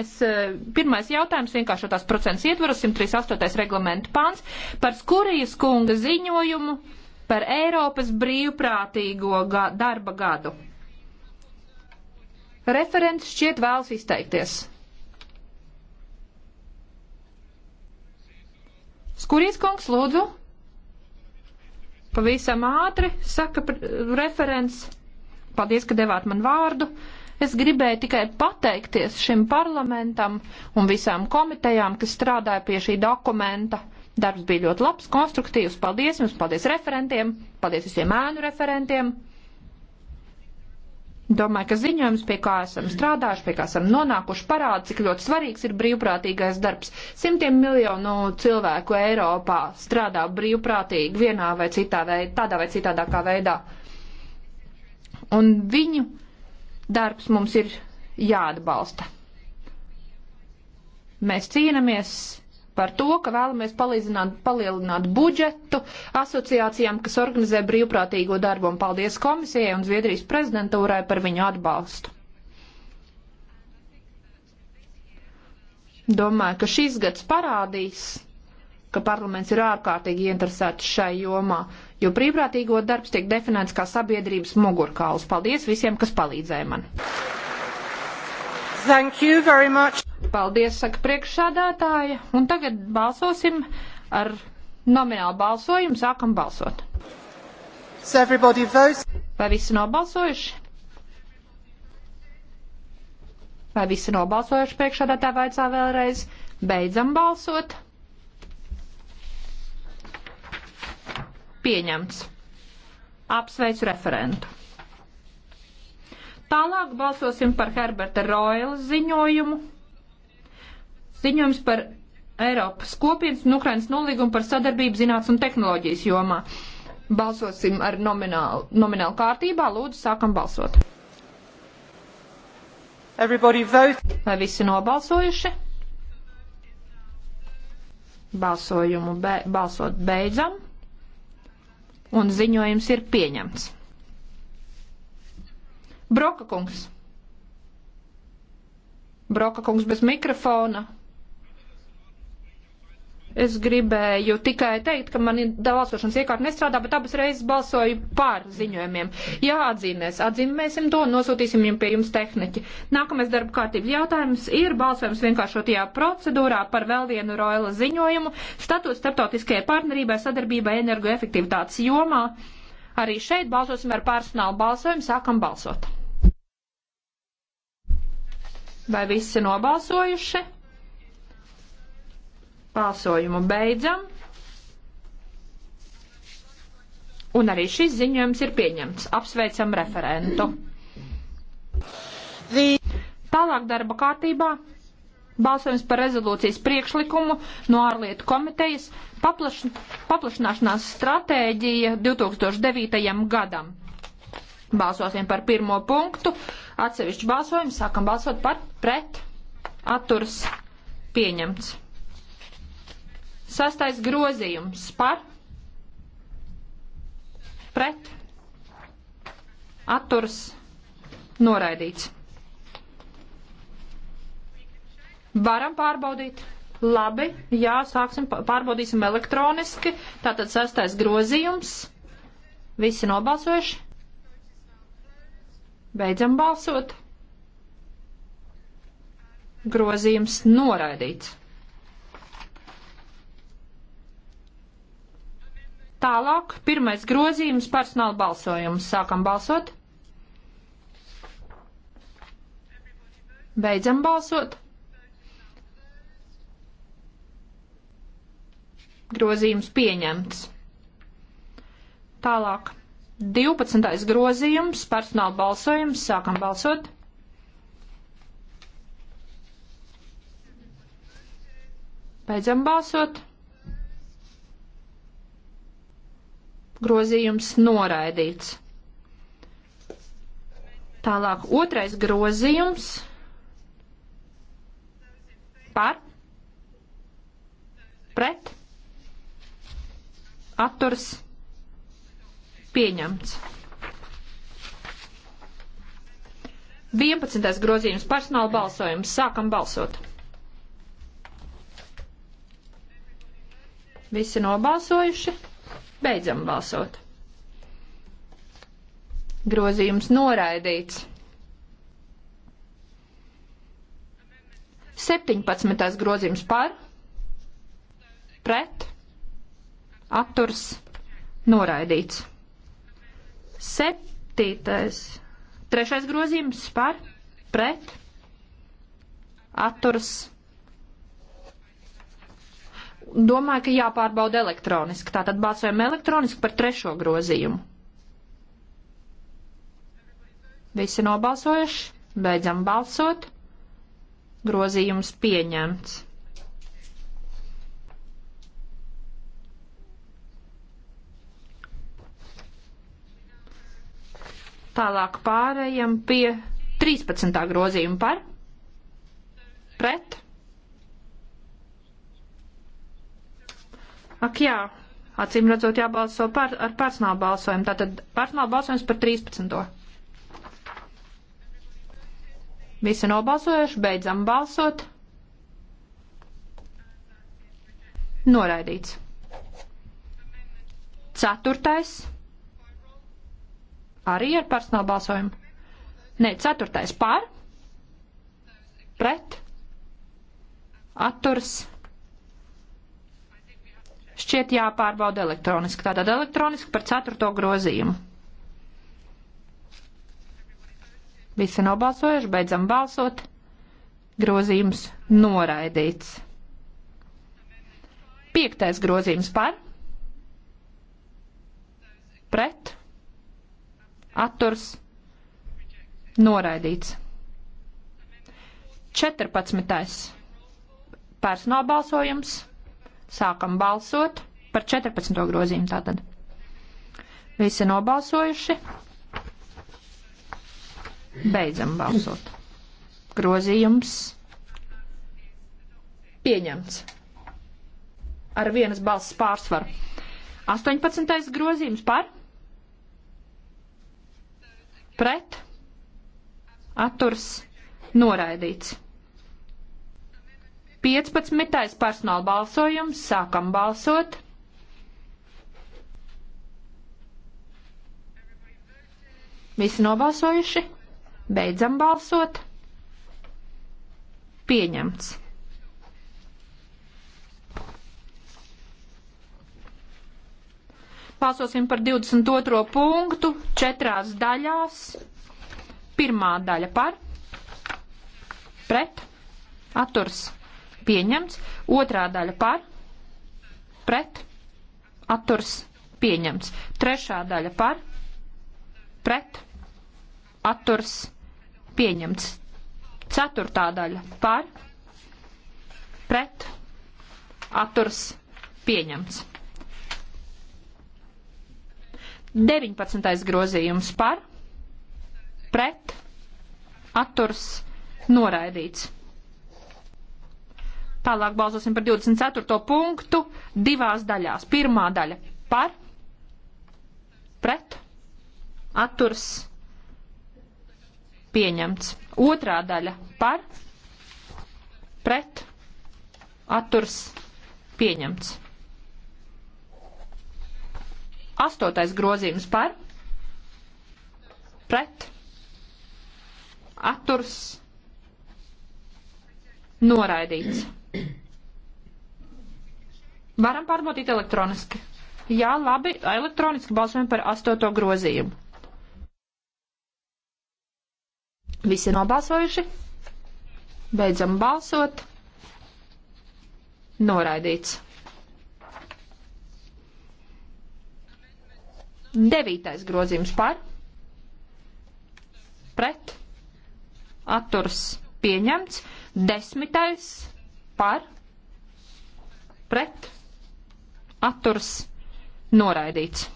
Es, eh, pirmais jautājums vienkārši tās procents ietvaros 138. reglamentu pāns par Skurijas kunga ziņojumu par Eiropas brīvprātīgo ga darba gadu. Referents šķiet vēlas izteikties. Skurijas kungs, lūdzu. Pavisam ātri, saka referents. Paldies, ka devāt man vārdu. Uh, Es gribēju tikai pateikties šim parlamentam un visām komitejām, kas strādāja pie šī dokumenta. Darbs bija ļoti labs, konstruktīvs. Paldies jums, paldies referentiem, paldies visiem ēnu referentiem. Domāju, ka ziņojums, pie kā esam strādājuši, pie kā esam nonākuši, parāda, cik ļoti svarīgs ir brīvprātīgais darbs. Simtiem miljonu cilvēku Eiropā strādā brīvprātīgi vienā vai citā veidā, tādā vai citādā veidā. Un viņu darbs mums ir jāatbalsta. Mēs cīnamies par to, ka vēlamies palielināt budžetu asociācijām, kas organizē brīvprātīgo darbu, un paldies komisijai un Zviedrijas prezidentūrai par viņu atbalstu. Domāju, ka šis gads parādīs, ka parlaments ir ārkārtīgi interesēts šai jomā, jo brīvprātīgo darbs tiek definēts kā sabiedrības mugurkauls. Paldies visiem, kas palīdzēja man! Thank you very much! Paldies, saka priekšsādātāja, un tagad balsosim ar nominālu balsojumu, sākam balsot. Vai visi nobalsojuši? Vai visi nobalsojuši priekšādātāja vaicā vēlreiz? Beidzam balsot! Pieņemts. Apsveicu referentu. Tālāk balsosim par Herberta Roila ziņojumu. Ziņojums par Eiropas kopienas un Ukrainas nolīgumu par sadarbību zināts un tehnoloģijas jomā. Balsosim ar nominālu, nominālu kārtībā. Lūdzu, sākam balsot. Vai visi nobalsojuši? Balsojumu be, balsot beidzam un ziņojums ir pieņemts. Broka kungs. Broka kungs bez mikrofona. Es gribēju tikai teikt, ka man ir balsošanas iekārta nestrādā, bet abas reizes balsoju par ziņojumiem. Jā, atzīmēs, atzīmēsim to un nosūtīsim jums pie jums tehniķi. Nākamais darba kārtības jautājums ir balsojums vienkāršotajā procedūrā par vēl vienu Roila ziņojumu status starptautiskajai partnerībai sadarbībai energoefektivitātes jomā. Arī šeit balsosim ar personālu balsojumu, sākam balsot. Vai visi nobalsojuši? Balsojumu beidzam. Un arī šis ziņojums ir pieņemts. Apsveicam referentu. Tālāk darba kārtībā balsojums par rezolūcijas priekšlikumu no ārlietu komitejas paplaš, paplašināšanās stratēģija 2009. gadam. Balsosim par pirmo punktu. Atsevišķu balsojumu sākam balsot par pret. Atturs pieņemts. Sastais grozījums par, pret, atturs, noraidīts. Varam pārbaudīt. Labi, jā, sāksim, pārbaudīsim elektroniski. Tātad sastais grozījums. Visi nobalsojuši. Beidzam balsot. Grozījums noraidīts. Tālāk, pirmais grozījums, personāla balsojums. Sākam balsot. Beidzam balsot. Grozījums pieņemts. Tālāk. 12. grozījums, personāla balsojums, sākam balsot. Beidzam balsot. grozījums noraidīts. Tālāk otrais grozījums par, pret, atturs, pieņemts. 11. grozījums personāla balsojums. Sākam balsot. Visi nobalsojuši. Beidzam balsot. Grozījums noraidīts. 17. grozījums par, pret, atturs, noraidīts. 7. trešais grozījums par, pret, atturs, noraidīts domāju, ka jāpārbauda elektroniski. Tātad balsojam elektroniski par trešo grozījumu. Visi nobalsojuši, beidzam balsot. Grozījums pieņemts. Tālāk pārējam pie 13. grozījuma par Ak jā, acīm redzot jābalso par, ar personālu balsojumu. Tātad personāla balsojums par 13. Visi nobalsojuši, beidzam balsot. Noraidīts. Ceturtais. Arī ar personālu balsojumu. Nē, ceturtais par. Pret. Atturs šķiet jāpārbauda elektroniski. Tātad elektroniski par ceturto grozījumu. Visi nobalsojuši, beidzam balsot. Grozījums noraidīts. Piektais grozījums par. Pret. Atturs. Noraidīts. 14. Personāla balsojums Sākam balsot par 14. grozījumu tātad. Visi nobalsojuši. Beidzam balsot. Grozījums pieņemts. Ar vienas balss pārsvaru. 18. grozījums par? Pret? Atturs noraidīts. 15. personāla balsojums. Sākam balsot. Visi nobalsojuši. Beidzam balsot. Pieņemts. Balsosim par 22. punktu četrās daļās. Pirmā daļa par, pret, atturs pieņemts. Otrā daļa par, pret, atturs, pieņemts. Trešā daļa par, pret, atturs, pieņemts. Ceturtā daļa par, pret, atturs, pieņemts. 19. grozījums par, pret, atturs, noraidīts. Tālāk balsosim par 24. punktu divās daļās. Pirmā daļa par, pret, atturs, pieņemts. Otrā daļa par, pret, atturs, pieņemts. Astotais grozījums par, pret, atturs, noraidīts. Varam pārbaudīt elektroniski. Jā, labi, elektroniski balsojam par astoto grozījumu. Visi nobalsojuši. Beidzam balsot. Noraidīts. Devītais grozījums par. Pret. Atturs pieņemts. Desmitais par. Pret atturs noraidīts.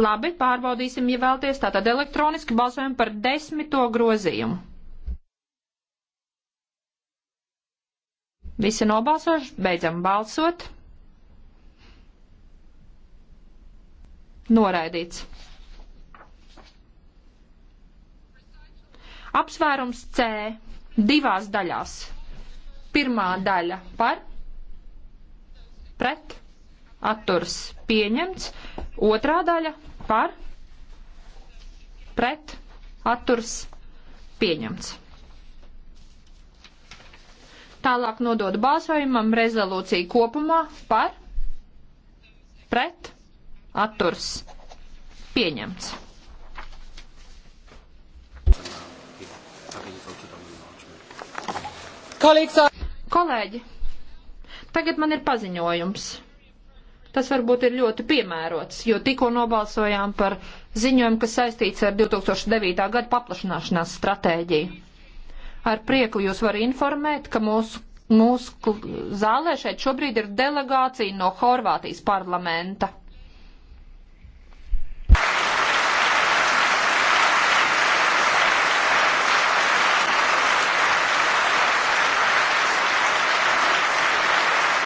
Labi, pārbaudīsim, ja vēlties. Tātad elektroniski balsojam par desmito grozījumu. Visi nobalsojuši, beidzam balsot. Noraidīts. Apsvērums C divās daļās. Pirmā daļa par, pret, atturs pieņemts. Otrā daļa par, pret, atturs pieņemts. Tālāk nodod balsojumam rezolūciju kopumā par, pret, atturs pieņemts. Kolēģis Kolēģi, tagad man ir paziņojums. Tas varbūt ir ļoti piemērots, jo tikko nobalsojām par ziņojumu, kas saistīts ar 2009. gada paplašanāšanās stratēģiju. Ar prieku jūs var informēt, ka mūsu, mūsu zālē šeit šobrīd ir delegācija no Horvātijas parlamenta.